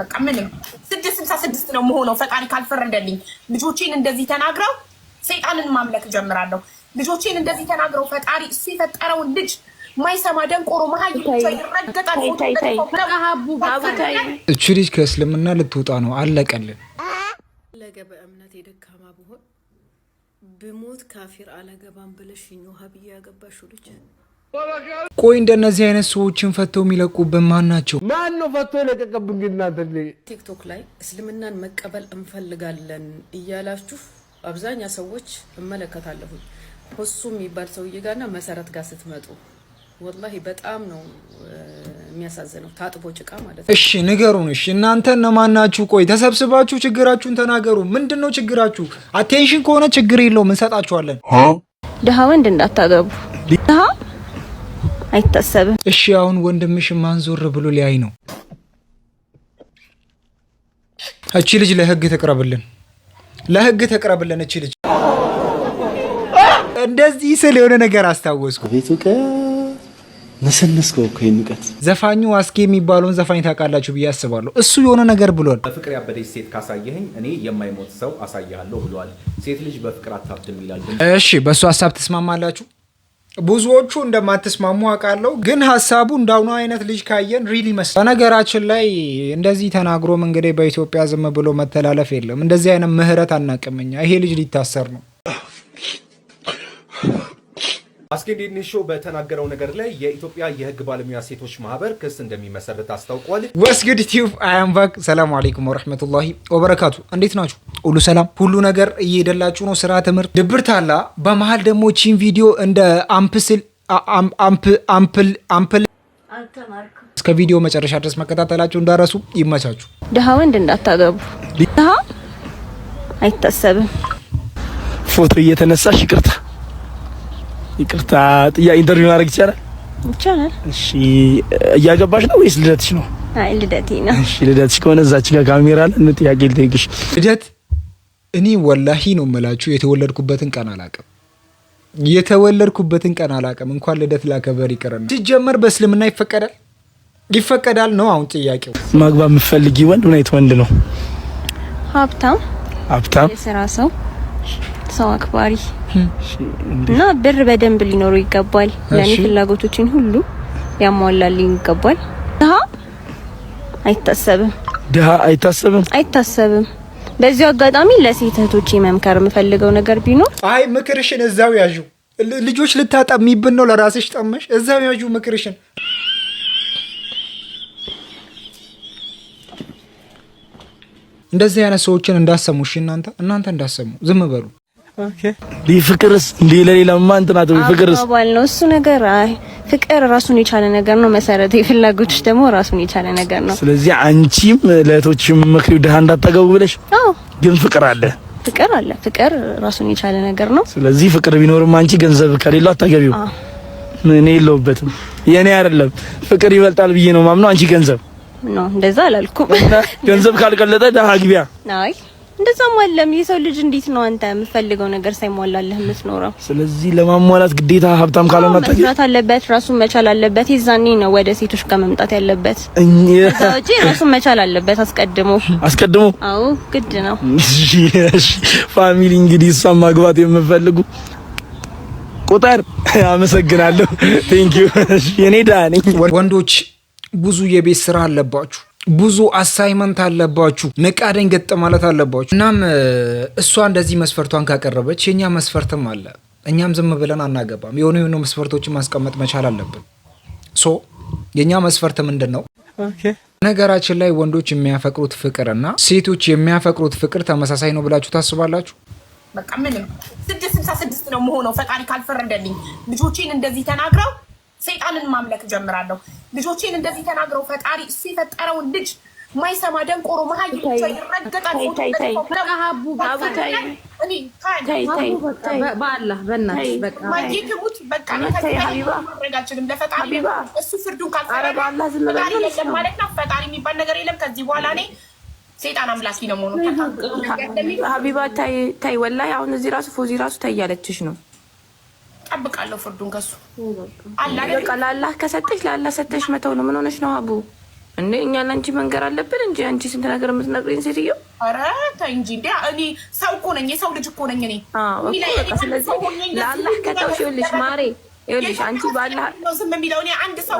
በቃ ምንም ስድስት ስልሳ ስድስት ነው መሆነው ፈጣሪ ካልፈረደልኝ። ልጆቼን እንደዚህ ተናግረው ሰይጣንን ማምለክ ጀምራለሁ። ልጆቼን እንደዚህ ተናግረው ፈጣሪ እሱ የፈጠረውን ልጅ ማይሰማ ደንቆሮ መሀይ ልጅ ከእስልምና ልትወጣ ነው። አለቀልን ለገበ በእምነት የደካማ ብሆን ብሞት ካፊር አለገባም ብለሽኝ ውሀ ብዬ ያገባሽው ልጅ ቆይ እንደነዚህ አይነት ሰዎችን ፈተው የሚለቁብን ማን ናቸው? ማን ነው ፈቶ የለቀቀብን? ግን እናንተ ቲክቶክ ላይ እስልምናን መቀበል እንፈልጋለን እያላችሁ አብዛኛ ሰዎች እመለከታለሁ ሆሱ የሚባል ሰውዬ ጋና መሰረት ጋር ስትመጡ ወላሂ በጣም ነው የሚያሳዝነው። ታጥቦ ጭቃ ማለት ነው። እሺ ንገሩን። እሺ እናንተ እነማን ናችሁ? ቆይ ተሰብስባችሁ ችግራችሁን ተናገሩ። ምንድን ነው ችግራችሁ? አቴንሽን ከሆነ ችግር የለውም እንሰጣችኋለን። ድሀ ወንድ እንዳታገቡ አይታሰብም። እሺ አሁን ወንድምሽ ማን ዞር ብሎ ሊያይ ነው? እቺ ልጅ ለህግ ተቅረብልን፣ ለህግ ተቅረብልን። እቺ ልጅ እንደዚህ ስል የሆነ ነገር አስታወስኩ። ቤቱ ነሰነስከው እኮ ይንቀት ዘፋኙ አስኬ የሚባለውን ዘፋኝ ታውቃላችሁ ብዬ አስባለሁ። እሱ የሆነ ነገር ብሏል። በፍቅር ያበደች ሴት ካሳየኸኝ እኔ የማይሞት ሰው አሳያለሁ ብሏል። ሴት ልጅ በፍቅር አታብድም ይላል። እሺ፣ በእሱ ሀሳብ ትስማማላችሁ? ብዙዎቹ እንደማትስማሙ አውቃለሁ፣ ግን ሀሳቡ እንዳሁኑ አይነት ልጅ ካየን ሪል ይመስላል። በነገራችን ላይ እንደዚህ ተናግሮም እንግዲህ በኢትዮጵያ ዝም ብሎ መተላለፍ የለም። እንደዚህ አይነት ምህረት አናቅምኛ። ይሄ ልጅ ሊታሰር ነው። አስጌ ሾው በተናገረው ነገር ላይ የኢትዮጵያ የህግ ባለሙያ ሴቶች ማህበር ክስ እንደሚመሰርት አስታውቋል። ወስጉድ ቲዩብ አያምባክ ሰላም አለይኩም ወረህመቱላሂ ወበረካቱ። እንዴት ናችሁ? ሁሉ ሰላም፣ ሁሉ ነገር እየሄደላችሁ ነው? ስራ፣ ትምህርት፣ ድብርት አላ። በመሀል ደግሞ ቺን ቪዲዮ እንደ አምፕስል አምፕል አምፕል እስከ ቪዲዮ መጨረሻ ድረስ መከታተላችሁ እንዳረሱ ይመቻችሁ። ድሀ ወንድ እንዳታገቡ። ድሀ አይታሰብም። ፎቶ እየተነሳሽ ይቅርታ ይቅርታ ጥያቄ ኢንተርቪው ማድረግ ይቻላል? ይቻላል። እሺ፣ እያገባሽ ነው ወይስ ልደትሽ ነው? አይ ልደቴ ነው። እሺ፣ ልደትሽ ከሆነ እዛች ጋር ካሜራ አለ። ጥያቄ ልጠይቅሽ። ልደት እኔ ወላሂ ነው የምላችሁ የተወለድኩበትን ቀን አላውቅም። የተወለድኩበትን ቀን አላውቅም። እንኳን ልደት ላከበር ይቅርና ሲጀመር በእስልምና ይፈቀዳል ይፈቀዳል ነው አሁን ጥያቄው። ማግባ የምትፈልጊ ወንድ ምን አይነት ወንድ ነው? ሀብታም ሀብታም የስራ ሰው ሰው አክባሪ እና ብር በደንብ ሊኖረው ይገባል። ለእኔ ፍላጎቶችን ሁሉ ያሟላል ይገባል። ድሀ አይታሰብም፣ ድሀ አይታሰብም፣ አይታሰብም። በዚሁ አጋጣሚ ለሴት እህቶቼ መምከር የምፈልገው ነገር ቢኖር አይ ምክርሽን እዛው ያዡ። ልጆች ልታጠሚብን ነው ለራስሽ ጠመሽ፣ እዛው ያዡ ምክርሽን። እንደዚህ አይነት ሰዎችን እንዳሰሙሽ እናንተ እናንተ እንዳሰሙ ዝም በሉ። ፍቅርስ እንዲህ ለሌላ እንትን አትበይ። ፍቅርስ አባል ነው እሱ ነገር። አይ ፍቅር ራሱን የቻለ ነገር ነው። መሰረት ፍላጎቶች ደግሞ ራሱን የቻለ ነገር ነው። ስለዚህ አንቺም ለእህቶችም ምክሪው ድሀ እንዳታገቡ ብለሽ። አዎ ግን ፍቅር አለ፣ ፍቅር አለ። ፍቅር ራሱን የቻለ ነገር ነው። ስለዚህ ፍቅር ቢኖርም አንቺ ገንዘብ ከሌለው አታገቢው። እኔ የለሁበትም፣ የኔ አይደለም። ፍቅር ይበልጣል ብዬ ነው ማምነው። አንቺ ገንዘብ ነው እንደዛ አላልኩም። ገንዘብ ካልቀለጠ ደሃ ግቢያ አይ እንደዛም አለም የሰው ልጅ እንዴት ነው አንተ የምፈልገው ነገር ሳይሟላልህ የምትኖረው? ስለዚህ ለማሟላት ግዴታ ሀብታም ካልሆነ መስራት አለበት፣ ራሱን መቻል አለበት። የዛኔ ነው ወደ ሴቶች ጋር መምጣት ያለበት እንጂ ራሱን መቻል አለበት አስቀድሞ አስቀድሞ። አዎ ግድ ነው። እሺ ፋሚሊ፣ እንግዲህ እሷን ማግባት የምፈልጉ ቁጥር። አመሰግናለሁ። ቴንክ ዩ። የኔ ዳ ወንዶች ብዙ የቤት ስራ አለባችሁ ብዙ አሳይመንት አለባችሁ። ንቃ ደንገጥ ማለት አለባችሁ። እናም እሷ እንደዚህ መስፈርቷን ካቀረበች የኛ መስፈርትም አለ። እኛም ዝም ብለን አናገባም። የሆነ የሆነ መስፈርቶችን ማስቀመጥ መቻል አለብን። ሶ የእኛ መስፈርት ምንድን ነው? ነገራችን ላይ ወንዶች የሚያፈቅሩት ፍቅር እና ሴቶች የሚያፈቅሩት ፍቅር ተመሳሳይ ነው ብላችሁ ታስባላችሁ? በቃ ምንም ስድስት ስልሳ ስድስት ነው መሆነው ፈጣሪ ካልፈረደልኝ ልጆቼን እንደዚህ ተናግረው ሰይጣንን ማምለክ ጀምራለሁ። ልጆቼን እንደዚህ ተናግረው ፈጣሪ እሱ የፈጠረውን ልጅ ማይሰማ ደንቆሮ መሀይ እሱ ፍርዱን ካልፈረደ ፈጣሪ የሚባል ነገር የለም ከዚህ በኋላ እኔ ሴጣን አምላኪ ነው መሆኑ ሀቢባ ታይ ወላሂ አሁን እዚህ ራሱ ፎዚ ራሱ ታያለችሽ ነው እጠብቃለሁ ፍርዱን ከሱ ለአላህ ከሰጠች ለአላህ ሰጠች መተው ነው። ምን ሆነች ነው አቡ እንዴ? እኛ ለአንቺ መንገር አለብን እንጂ አንቺ ስንት ነገር የምትነግሪኝ ሴትዮ። ኧረ ተይ እንጂ እንዴ! እኔ ሰው እኮ ነኝ፣ የሰው ልጅ እኮ ነኝ እኔ። ስለዚህ ለአላህ ከተውሽ፣ ይኸውልሽ ማሬ፣ ይኸውልሽ አንቺ ባላ ዝም የሚለው እኔ አንድ ሰው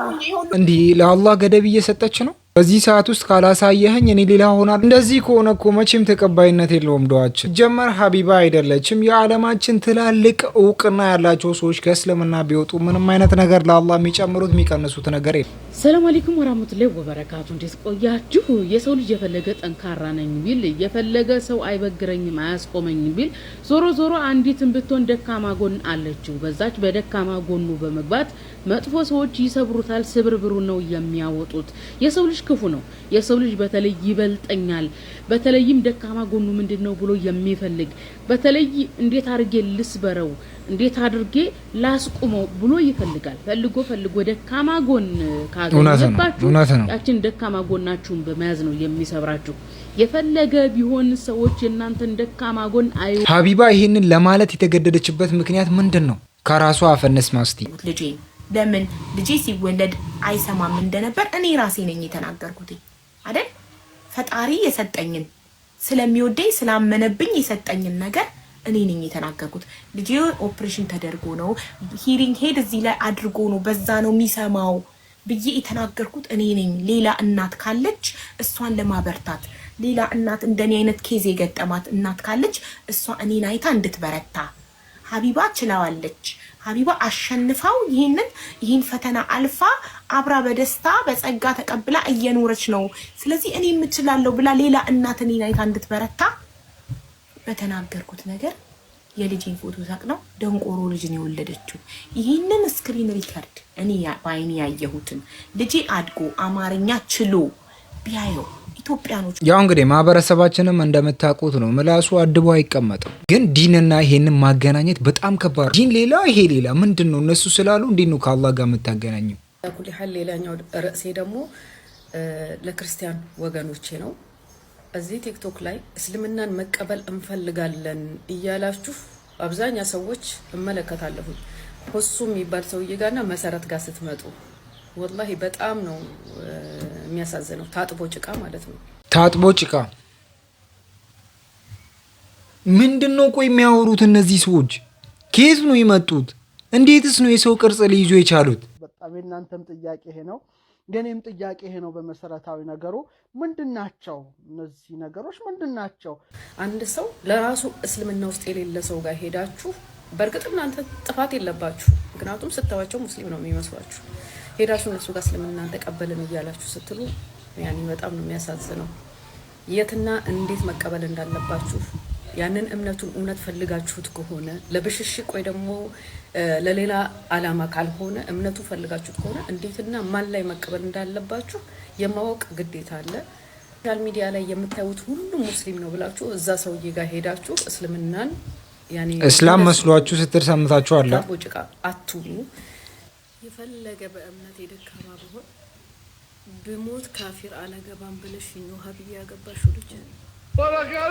እንዲህ ለአላህ ገደብ እየሰጠች ነው በዚህ ሰዓት ውስጥ ካላሳየኸኝ እኔ ሌላ ሆናል። እንደዚህ ከሆነ እኮ መቼም ተቀባይነት የለውም። ዶዋችን ጀመር ሀቢባ አይደለችም። የዓለማችን ትላልቅ እውቅና ያላቸው ሰዎች ከእስልምና ቢወጡ ምንም አይነት ነገር ለአላህ የሚጨምሩት የሚቀንሱት ነገር የለም። ሰላም አለይኩም ወራህመቱላሂ ወበረካቱ። እንዴት ቆያችሁ? የሰው ልጅ የፈለገ ጠንካራ ነኝ ቢል፣ የፈለገ ሰው አይበግረኝም አያስቆመኝም ቢል፣ ዞሮ ዞሮ አንዲትን ብትሆን ደካማ ጎን አለችው። በዛች በደካማ ጎኑ በመግባት መጥፎ ሰዎች ይሰብሩታል። ስብርብሩ ነው የሚያወጡት የሰው ልጅ ክፉ ነው። የሰው ልጅ በተለይ ይበልጠኛል፣ በተለይም ደካማ ጎኑ ምንድን ነው ብሎ የሚፈልግ በተለይ እንዴት አድርጌ ልስበረው፣ እንዴት አድርጌ ላስቁመው ብሎ ይፈልጋል። ፈልጎ ፈልጎ ደካማ ጎን ካገኘባችሁ ያችን ደካማ ጎናችሁን በመያዝ ነው የሚሰብራችሁ። የፈለገ ቢሆን ሰዎች የእናንተን ደካማ ጎን አይ ሀቢባ ይህንን ለማለት የተገደደችበት ምክንያት ምንድን ነው? ከራሷ አፈነስ ማስቲ ልጄ ለምን ልጄ ሲወለድ አይሰማም እንደነበር እኔ ራሴ ነኝ የተናገርኩት አይደል? ፈጣሪ የሰጠኝን ስለሚወደኝ ስላመነብኝ የሰጠኝን ነገር እኔ ነኝ የተናገርኩት። ልጄ ኦፕሬሽን ተደርጎ ነው ሂሪንግ ሄድ እዚህ ላይ አድርጎ ነው በዛ ነው የሚሰማው ብዬ የተናገርኩት እኔ ነኝ። ሌላ እናት ካለች እሷን ለማበርታት ሌላ እናት እንደኔ አይነት ኬዝ የገጠማት እናት ካለች እሷ እኔን አይታ እንድትበረታ ሀቢባ ችላዋለች። ሀቢባ አሸንፋው ይህንን ይህን ፈተና አልፋ አብራ በደስታ በጸጋ ተቀብላ እየኖረች ነው። ስለዚህ እኔ የምችላለው ብላ ሌላ እናት እኔን አይታ እንድትበረታ በተናገርኩት ነገር የልጅን ፎቶ ሰቅነው ደንቆሮ ልጅን የወለደችው። ይህንን ስክሪን ሪከርድ እኔ በአይኔ ያየሁትን ልጄ አድጎ አማርኛ ችሎ ቢያየው ኢትዮጵያኖች ያው እንግዲህ ማህበረሰባችንም እንደምታውቁት ነው፣ ምላሱ አድቦ አይቀመጥም። ግን ዲንና ይሄንን ማገናኘት በጣም ከባድ ዲን ሌላ ይሄ ሌላ ምንድን ነው? እነሱ ስላሉ እንዴት ነው ከአላህ ጋር የምታገናኘው? ኩሊሀል ሌላኛው ርዕሴ ደግሞ ለክርስቲያን ወገኖቼ ነው። እዚህ ቲክቶክ ላይ እስልምናን መቀበል እንፈልጋለን እያላችሁ አብዛኛ ሰዎች እመለከታለሁኝ። ሆሱ የሚባል ሰውዬ ጋርና መሰረት ጋር ስትመጡ ወላሂ በጣም ነው የሚያሳዝነው። ታጥቦ ጭቃ ማለት ነው። ታጥቦ ጭቃ ምንድን ነው? ቆይ የሚያወሩት እነዚህ ሰዎች ከየት ነው የመጡት? እንዴትስ ነው የሰው ቅርጽ ሊይዙ የቻሉት? በጣም የእናንተም ጥያቄ ይሄ ነው፣ የኔም ጥያቄ ይሄ ነው። በመሰረታዊ ነገሩ ምንድን ናቸው እነዚህ ነገሮች ምንድን ናቸው? አንድ ሰው ለራሱ እስልምና ውስጥ የሌለ ሰው ጋር ሄዳችሁ፣ በእርግጥ እናንተ ጥፋት የለባችሁ፣ ምክንያቱም ስታዋቸው ሙስሊም ነው የሚመስሏችሁ ሄዳችሁ እነሱ ጋር ስለምናን ተቀበልን እያላችሁ ስትሉ ያኔ በጣም ነው የሚያሳዝነው። የትና እንዴት መቀበል እንዳለባችሁ ያንን እምነቱን እውነት ፈልጋችሁት ከሆነ ለብሽሽቅ ወይ ደግሞ ለሌላ አላማ ካልሆነ እምነቱ ፈልጋችሁት ከሆነ እንዴትና ማን ላይ መቀበል እንዳለባችሁ የማወቅ ግዴታ አለ። ሶሻል ሚዲያ ላይ የምታዩት ሁሉም ሙስሊም ነው ብላችሁ እዛ ሰውዬ ጋር ሄዳችሁ እስልምናን እስላም መስሏችሁ ስትር ሰምታችሁ አለ ጭቃ አትሉ። የፈለገ በእምነት የደካማ ብሆን ብሞት ካፊር አላገባም ብለሽ ኖሀ ብዬ ያገባሽ ልጅ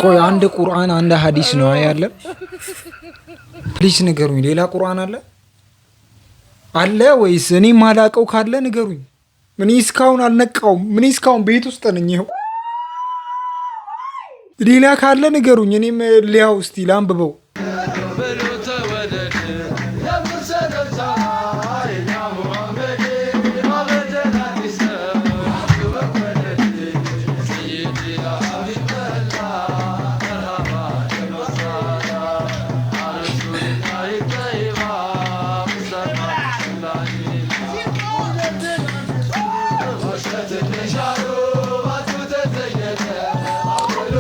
ቆይ፣ አንድ ቁርአን አንድ ሀዲስ ነው ያለ። ፕሊስ ንገሩኝ። ሌላ ቁርአን አለ አለ ወይስ እኔ ማላቀው ካለ ንገሩኝ። እኔ እስካሁን አልነቃውም። እኔ እስካሁን ቤት ውስጥ ነኝ። ይኸው ሌላ ካለ ንገሩኝ። እኔም ሊያው እስቲ ላንብበው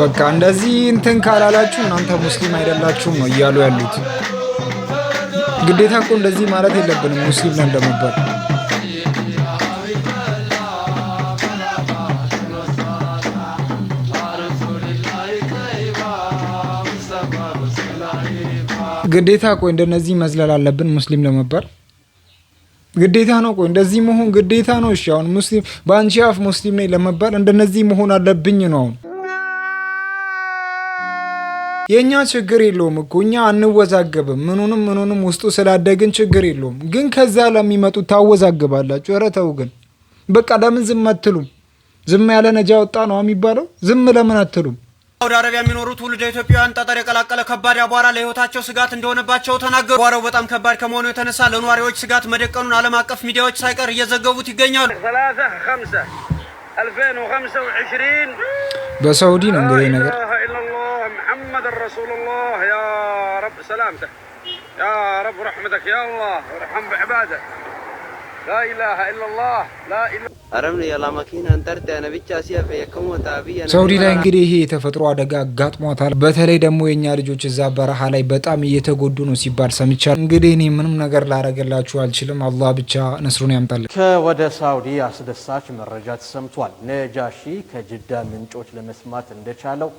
በቃ እንደዚህ እንትን ካላላችሁ እናንተ ሙስሊም አይደላችሁም ነው እያሉ ያሉት። ግዴታ እኮ እንደዚህ ማለት የለብንም ሙስሊም ነው እንደመባል። ግዴታ ቆይ እንደነዚህ መዝለል አለብን ሙስሊም ለመባል ግዴታ ነው። ቆይ እንደዚህ መሆን ግዴታ ነው። እሺ አሁን ሙስሊም በአንቺ አፍ ሙስሊም ነኝ ለመባል እንደነዚህ መሆን አለብኝ ነው አሁን የእኛ ችግር የለውም እኮ እኛ አንወዛገብም። ምኑንም ምኑንም ውስጡ ስላደግን ችግር የለውም። ግን ከዛ ለሚመጡት ታወዛግባላችሁ። ኧረ ተው ግን በቃ ለምን ዝም አትሉም? ዝም ያለ ነጃ ወጣ ነው የሚባለው። ዝም ለምን አትሉም? ሳውዲ አረቢያ የሚኖሩ ትውልደ ኢትዮጵያውያን ጠጠር የቀላቀለ ከባድ አቧራ ለሕይወታቸው ስጋት እንደሆነባቸው ተናገሩ። አቧራው በጣም ከባድ ከመሆኑ የተነሳ ለነዋሪዎች ስጋት መደቀኑን ዓለም አቀፍ ሚዲያዎች ሳይቀር እየዘገቡት ይገኛሉ። በሳውዲ ነው እንግዲህ ነገር رسول الله يا رب سلامته يا رب رحمتك يا الله ارحم بعبادك لا اله الا الله لا اله ሳውዲ ላይ እንግዲህ ይሄ የተፈጥሮ አደጋ አጋጥሟታል። በተለይ ደግሞ የእኛ ልጆች እዛ በረሃ ላይ በጣም እየተጎዱ ነው ሲባል ሰምቻል። እንግዲህ እኔ ምንም ነገር ላረገላችሁ አልችልም። አላህ ብቻ ንስሩን ያምጣል። ከወደ ሳውዲ አስደሳች መረጃ ተሰምቷል። ነጃሺ ከጅዳ ምንጮች ለመስማት እንደቻለው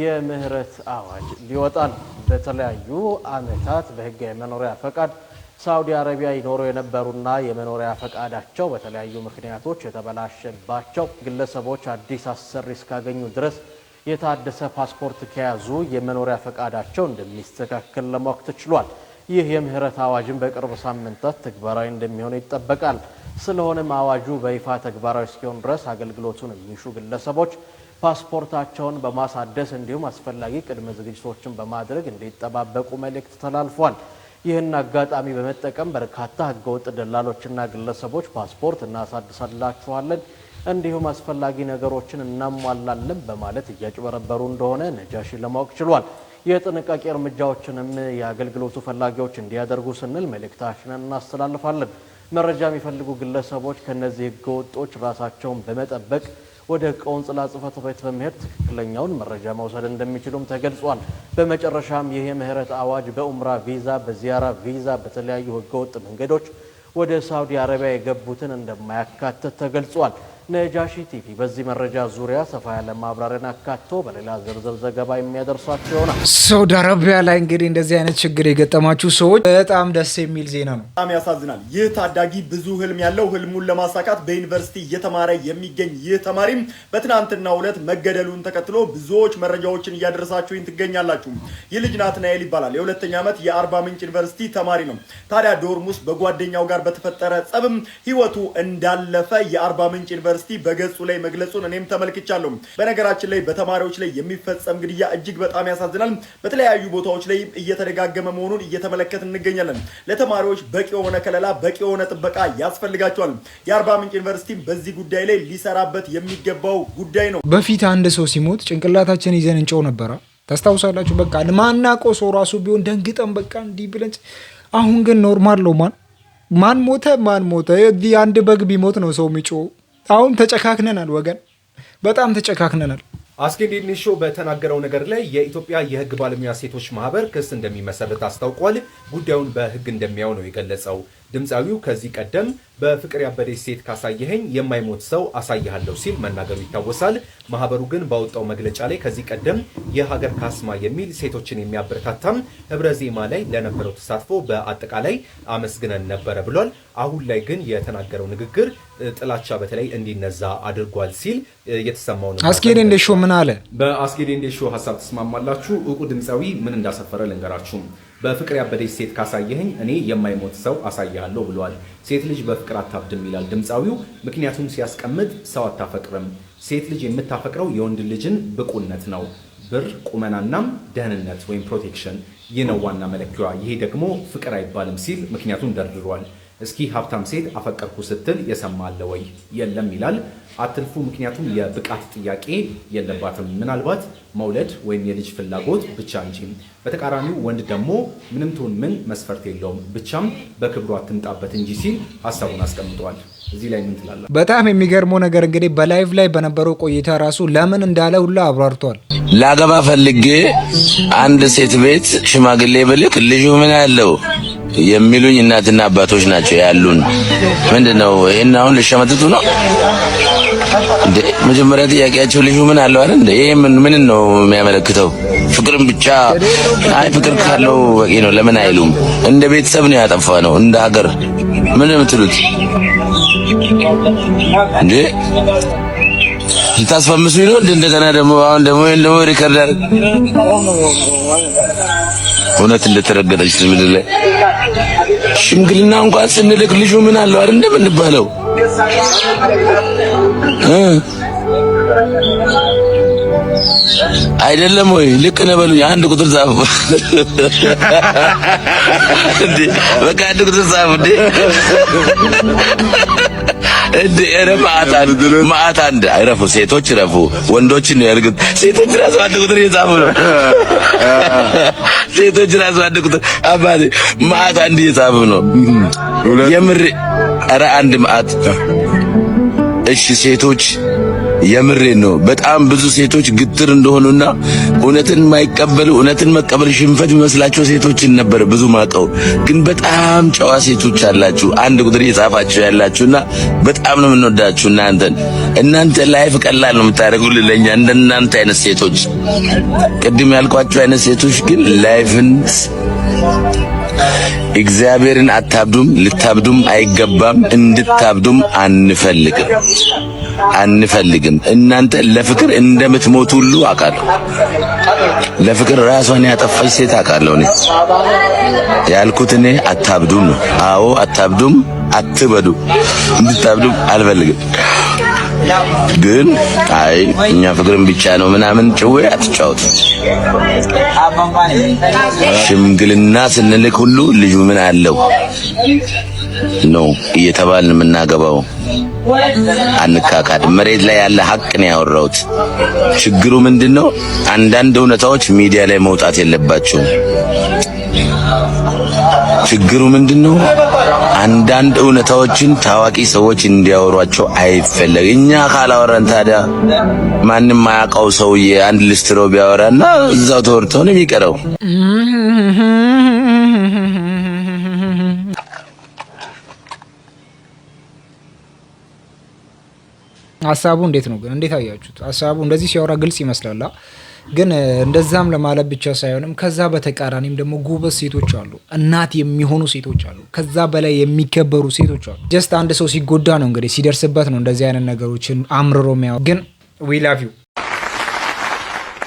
የምህረት አዋጅ ሊወጣ ነው። በተለያዩ አመታት በህጋዊ የመኖሪያ ፈቃድ ሳውዲ አረቢያ ይኖሩ የነበሩና የመኖሪያ ፈቃዳቸው በተለያዩ ምክንያቶች የተበላሸባቸው ግለሰቦች አዲስ አሰሪ እስካገኙ ድረስ የታደሰ ፓስፖርት ከያዙ የመኖሪያ ፈቃዳቸው እንደሚስተካከል ለማወቅ ተችሏል። ይህ የምህረት አዋጅን በቅርብ ሳምንታት ተግባራዊ እንደሚሆን ይጠበቃል። ስለሆነም አዋጁ በይፋ ተግባራዊ እስኪሆን ድረስ አገልግሎቱን የሚሹ ግለሰቦች ፓስፖርታቸውን በማሳደስ እንዲሁም አስፈላጊ ቅድመ ዝግጅቶችን በማድረግ እንዲጠባበቁ መልእክት ተላልፏል። ይህን አጋጣሚ በመጠቀም በርካታ ህገወጥ ደላሎችና ግለሰቦች ፓስፖርት እናሳድሳላችኋለን፣ እንዲሁም አስፈላጊ ነገሮችን እናሟላለን በማለት እያጭበረበሩ እንደሆነ ነጃሺ ለማወቅ ችሏል። የጥንቃቄ እርምጃዎችንም የአገልግሎቱ ፈላጊዎች እንዲያደርጉ ስንል መልእክታችንን እናስተላልፋለን። መረጃ የሚፈልጉ ግለሰቦች ከእነዚህ ህገወጦች ራሳቸውን በመጠበቅ ወደ ቆንጽላ ጽፈት ቤት በመሄድ ትክክለኛውን መረጃ መውሰድ እንደሚችሉም ተገልጿል። በመጨረሻም ይህ የምህረት አዋጅ በኡምራ ቪዛ፣ በዚያራ ቪዛ፣ በተለያዩ ህገወጥ መንገዶች ወደ ሳውዲ አረቢያ የገቡትን እንደማያካትት ተገልጿል። ነጃሺ ቲቪ በዚህ መረጃ ዙሪያ ሰፋ ያለ ማብራሪያን አካቶ በሌላ ዝርዝር ዘገባ የሚያደርሷቸው ይሆናል። ሳውዲ አረቢያ ላይ እንግዲህ እንደዚህ አይነት ችግር የገጠማችሁ ሰዎች በጣም ደስ የሚል ዜና ነው። በጣም ያሳዝናል። ይህ ታዳጊ ብዙ ህልም ያለው ህልሙን ለማሳካት በዩኒቨርሲቲ እየተማረ የሚገኝ ይህ ተማሪም በትናንትናው ዕለት መገደሉን ተከትሎ ብዙዎች መረጃዎችን እያደረሳችሁኝ ትገኛላችሁ። ይህ ልጅ ናትናኤል ይባላል። የሁለተኛ ዓመት የአርባ ምንጭ ዩኒቨርሲቲ ተማሪ ነው። ታዲያ ዶርም ውስጥ በጓደኛው ጋር በተፈጠረ ጸብም ህይወቱ እንዳለፈ የአርባ ምንጭ ዩኒቨርሲቲ ዩኒቨርሲቲ በገጹ ላይ መግለጹን እኔም ተመልክቻለሁ። በነገራችን ላይ በተማሪዎች ላይ የሚፈጸም ግድያ እጅግ በጣም ያሳዝናል። በተለያዩ ቦታዎች ላይ እየተደጋገመ መሆኑን እየተመለከት እንገኛለን። ለተማሪዎች በቂ የሆነ ከለላ፣ በቂ የሆነ ጥበቃ ያስፈልጋቸዋል። የአርባ ምንጭ ዩኒቨርሲቲ በዚህ ጉዳይ ላይ ሊሰራበት የሚገባው ጉዳይ ነው። በፊት አንድ ሰው ሲሞት ጭንቅላታችን ይዘን እንጨው ነበረ ታስታውሳላችሁ። በቃ ማናቆ ሰው ራሱ ቢሆን ደንግጠን በቃ እንዲህ ብለን አሁን ግን ኖርማል ነው። ማን ማን ሞተ ማን ሞተ አንድ በግ ቢሞት ነው ሰው የሚጮው አሁን ተጨካክነናል ወገን፣ በጣም ተጨካክነናል። አስጌ ኒሾ በተናገረው ነገር ላይ የኢትዮጵያ የህግ ባለሙያ ሴቶች ማህበር ክስ እንደሚመሰርት አስታውቋል። ጉዳዩን በህግ እንደሚያው ነው የገለጸው። ድምፃዊው ከዚህ ቀደም በፍቅር ያበደች ሴት ካሳየኸኝ የማይሞት ሰው አሳይሃለሁ ሲል መናገሩ ይታወሳል። ማህበሩ ግን ባወጣው መግለጫ ላይ ከዚህ ቀደም የሀገር ካስማ የሚል ሴቶችን የሚያበረታታም ህብረ ዜማ ላይ ለነበረው ተሳትፎ በአጠቃላይ አመስግነን ነበረ ብሏል። አሁን ላይ ግን የተናገረው ንግግር ጥላቻ በተለይ እንዲነዛ አድርጓል ሲል የተሰማው ነው። አስጌዴ ዴንዴሾ ምን አለ? በአስጌዴ ዴንዴሾ ሀሳብ ተስማማላችሁ? እውቁ ድምፃዊ ምን እንዳሰፈረ ልንገራችሁም በፍቅር ያበደች ሴት ካሳየኸኝ እኔ የማይሞት ሰው አሳያለሁ ብለዋል። ሴት ልጅ በፍቅር አታብድም ይላል ድምፃዊው። ምክንያቱም ሲያስቀምጥ ሰው አታፈቅርም። ሴት ልጅ የምታፈቅረው የወንድ ልጅን ብቁነት ነው። ብር፣ ቁመናናም ደህንነት ወይም ፕሮቴክሽን፣ ይህ ነው ዋና መለኪዋ። ይሄ ደግሞ ፍቅር አይባልም ሲል ምክንያቱን ደርድሯል። እስኪ ሀብታም ሴት አፈቀርኩ ስትል የሰማለ ወይ? የለም ይላል። አትልፉ፣ ምክንያቱም የብቃት ጥያቄ የለባትም። ምናልባት መውለድ ወይም የልጅ ፍላጎት ብቻ እንጂ። በተቃራኒው ወንድ ደግሞ ምንም ትሁን ምን መስፈርት የለውም፣ ብቻም በክብሩ አትምጣበት እንጂ ሲል ሀሳቡን አስቀምጠዋል። እዚህ ላይ ምን ትላለ? በጣም የሚገርመው ነገር እንግዲህ በላይቭ ላይ በነበረው ቆይታ ራሱ ለምን እንዳለ ሁላ አብራርቷል። ላገባ ፈልጌ አንድ ሴት ቤት ሽማግሌ ብልክ ልጁ ምን ያለው የሚሉኝ እናትና አባቶች ናቸው ያሉን። ምንድን ነው ይሄን አሁን ልሸመጥጡ ነው? መጀመሪያ ጥያቄያቸው ልዩ ምን አለው አይደል? ይሄ ምን ምን ነው የሚያመለክተው? ፍቅርም ብቻ አይ ፍቅር ካለው በቂ ነው ለምን አይሉም? እንደ ቤተሰብ ነው ያጠፋ ነው እንደ ሀገር ምን የምትሉት እንዴ? ልታስፈምሱ ነው እንደገና ደግሞ አሁን ደግሞ ይሄን ደግሞ ሪከርድ እውነት እንደተረገጠች ምድር ላይ ሽምግልና እንኳን ስንልክ ልጁ ምን አለው አይደል እንደምንባለው አይደለም ወይ? ልክ ነው በሉኝ። አንድ ቁጥር ጻፉ እንዴ! በቃ አንድ ቁጥር ጻፉ እንዴ! ማአት አንድ እረፉ፣ ሴቶች እረፉ፣ ወንዶችን እርግጥ ሴቶች ራሱ አንድ ቁጥር እየጻፉ ነው። ሴቶች ራሱ አንድ ቁጥር አባቴ ማአት አንድ እየጻፉ ነው። የምር ኧረ አንድ ማአት እሺ ሴቶች የምሬን ነው። በጣም ብዙ ሴቶች ግትር እንደሆኑና እውነትን ማይቀበሉ እውነትን መቀበል ሽንፈት የሚመስላቸው ሴቶችን ነበር ብዙ ማቀው። ግን በጣም ጨዋ ሴቶች አላችሁ፣ አንድ ቁጥር የጻፋችሁ ያላችሁና በጣም ነው የምንወዳችሁ እናንተን። እናንተ ላይፍ ቀላል ነው የምታደርጉልን ለኛ እንደናንተ አይነት ሴቶች፣ ቅድም ያልኳችሁ አይነት ሴቶች ግን ላይፍን እግዚአብሔርን አታብዱም፣ ልታብዱም አይገባም፣ እንድታብዱም አንፈልግም። አንፈልግም። እናንተ ለፍቅር እንደምትሞቱ ሁሉ አውቃለሁ። ለፍቅር ራሷን ያጠፋች ሴት አውቃለሁ። እኔ ያልኩት እኔ አታብዱም ነው። አዎ አታብዱም፣ አትበዱ። እንድታብዱም አልፈልግም። ግን አይ እኛ ፍቅርን ብቻ ነው ምናምን ጭዌ አትጫወት። ሽምግልና ስንልክ ሁሉ ልጁ ምን አለው ነው እየተባልን የምናገባው። አንካካድ። መሬት ላይ ያለ ሀቅ ነው ያወራሁት። ችግሩ ምንድን ነው? አንዳንድ እውነታዎች ሚዲያ ላይ መውጣት የለባቸውም። ችግሩ ምንድን ነው? አንዳንድ እውነታዎችን ታዋቂ ሰዎች እንዲያወሯቸው አይፈለግ። እኛ ካላወራን ታዲያ ማንም ማያውቀው ሰውዬ አንድ ልስትሮ ቢያወራና እዛው ተወርተው ነው የሚቀረው። ሀሳቡ እንዴት ነው ግን? እንዴት አያችሁት? ሀሳቡ እንደዚህ ሲያወራ ግልጽ ይመስላል፣ ግን እንደዛም ለማለት ብቻ ሳይሆንም ከዛ በተቃራኒም ደግሞ ጉበት ሴቶች አሉ፣ እናት የሚሆኑ ሴቶች አሉ፣ ከዛ በላይ የሚከበሩ ሴቶች አሉ። ጀስት አንድ ሰው ሲጎዳ ነው እንግዲህ ሲደርስበት ነው እንደዚህ አይነት ነገሮችን አምርሮ ሚያ ግን ዊ ላቭ ዩ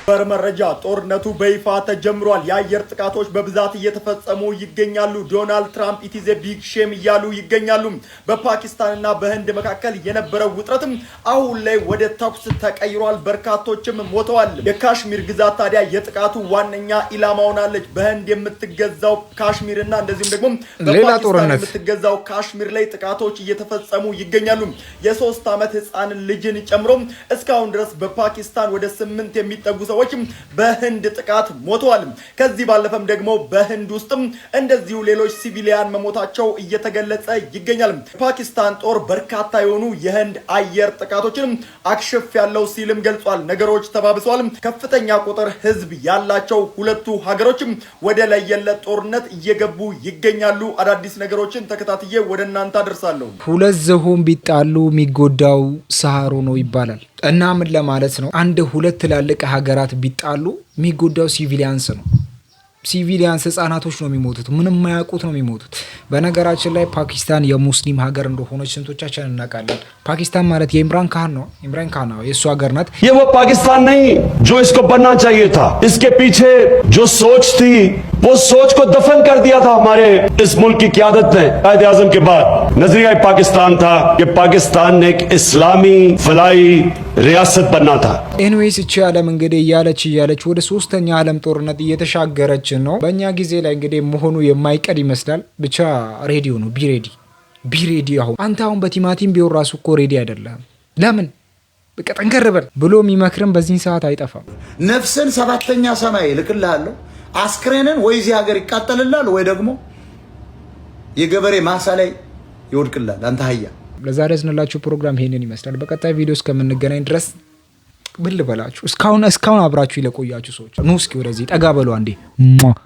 በር መረጃ ጦርነቱ በይፋ ተጀምሯል። የአየር ጥቃቶች በብዛት እየተፈጸሙ ይገኛሉ። ዶናልድ ትራምፕ ኢቲዜ ቢግ ሼም እያሉ ይገኛሉ። በፓኪስታንና በህንድ መካከል የነበረው ውጥረትም አሁን ላይ ወደ ተኩስ ተቀይሯል። በርካቶችም ሞተዋል። የካሽሚር ግዛት ታዲያ የጥቃቱ ዋነኛ ኢላማ ሆናለች። በህንድ የምትገዛው ካሽሚር እና እንደዚሁም ደግሞ በፓኪስታን የምትገዛው ካሽሚር ላይ ጥቃቶች እየተፈጸሙ ይገኛሉ። የሶስት ዓመት ህፃን ልጅን ጨምሮ እስካሁን ድረስ በፓኪስታን ወደ ስምንት የሚጠጉ ሰዎችም በህንድ ጥቃት ሞተዋል። ከዚህ ባለፈም ደግሞ በህንድ ውስጥም እንደዚሁ ሌሎች ሲቪሊያን መሞታቸው እየተገለጸ ይገኛል። ፓኪስታን ጦር በርካታ የሆኑ የህንድ አየር ጥቃቶችንም አክሽፍ ያለው ሲልም ገልጿል። ነገሮች ተባብሰዋል። ከፍተኛ ቁጥር ህዝብ ያላቸው ሁለቱ ሀገሮችም ወደ ለየለት ጦርነት እየገቡ ይገኛሉ። አዳዲስ ነገሮችን ተከታትዬ ወደ እናንተ አደርሳለሁ። ሁለት ዝሆን ቢጣሉ የሚጎዳው ሳሃሩ ነው ይባላል። እና ምን ለማለት ነው? አንድ ሁለት ትላልቅ ሀገራት ቢጣሉ የሚጎዳው ሲቪሊያንስ ነው። ሲቪሊያንስ ህጻናቶች ነው የሚሞቱት። ምንም ማያውቁት ነው የሚሞቱት። በነገራችን ላይ ፓኪስታን የሙስሊም ሀገር እንደሆነች ስንቶቻችን እናውቃለን? ፓኪስታን ማለት የኢምራን ካን ነው። ኢምራን ካን ነው የእሱ ሀገር ናት። ये वो पाकिस्तान नहीं जो इसको बनना चाहिए था इसके पीछे जो सोच थी वो सोच को दफन कर दिया था हमारे इस मुल्क की क्यादत ने कायद आजम के बाद नजरिया पाकिस्तान था कि ሪያስብ በናታ ኤንዌይስ እቺ ዓለም እንግዲህ እያለች እያለች ወደ ሶስተኛ ዓለም ጦርነት እየተሻገረች ነው። በእኛ ጊዜ ላይ እንግዲህ መሆኑ የማይቀር ይመስላል። ብቻ ሬዲዮ ነው። ቢሬዲ ቢሬዲ። አሁን አንተ አሁን በቲማቲም ቢሆን ራሱ እኮ ሬዲ አይደለም። ለምን በቃ ጠንከር በል ብሎ የሚመክርም በዚህን ሰዓት አይጠፋም። ነፍስን ሰባተኛ ሰማይ ልክልሃለሁ። አስክሬንን ወይ እዚህ ሀገር ይቃጠልላል ወይ ደግሞ የገበሬ ማሳ ላይ ይወድቅላል። አንተ ሀያ ለዛሬ ያዝንላችሁ ፕሮግራም ይሄንን ይመስላል። በቀጣይ ቪዲዮ እስከምንገናኝ ድረስ ብል በላችሁ እስካሁን እስካሁን አብራችሁ ይለቆያችሁ ሰዎች ኑ እስኪ ወደዚህ ጠጋ በሉ አንዴ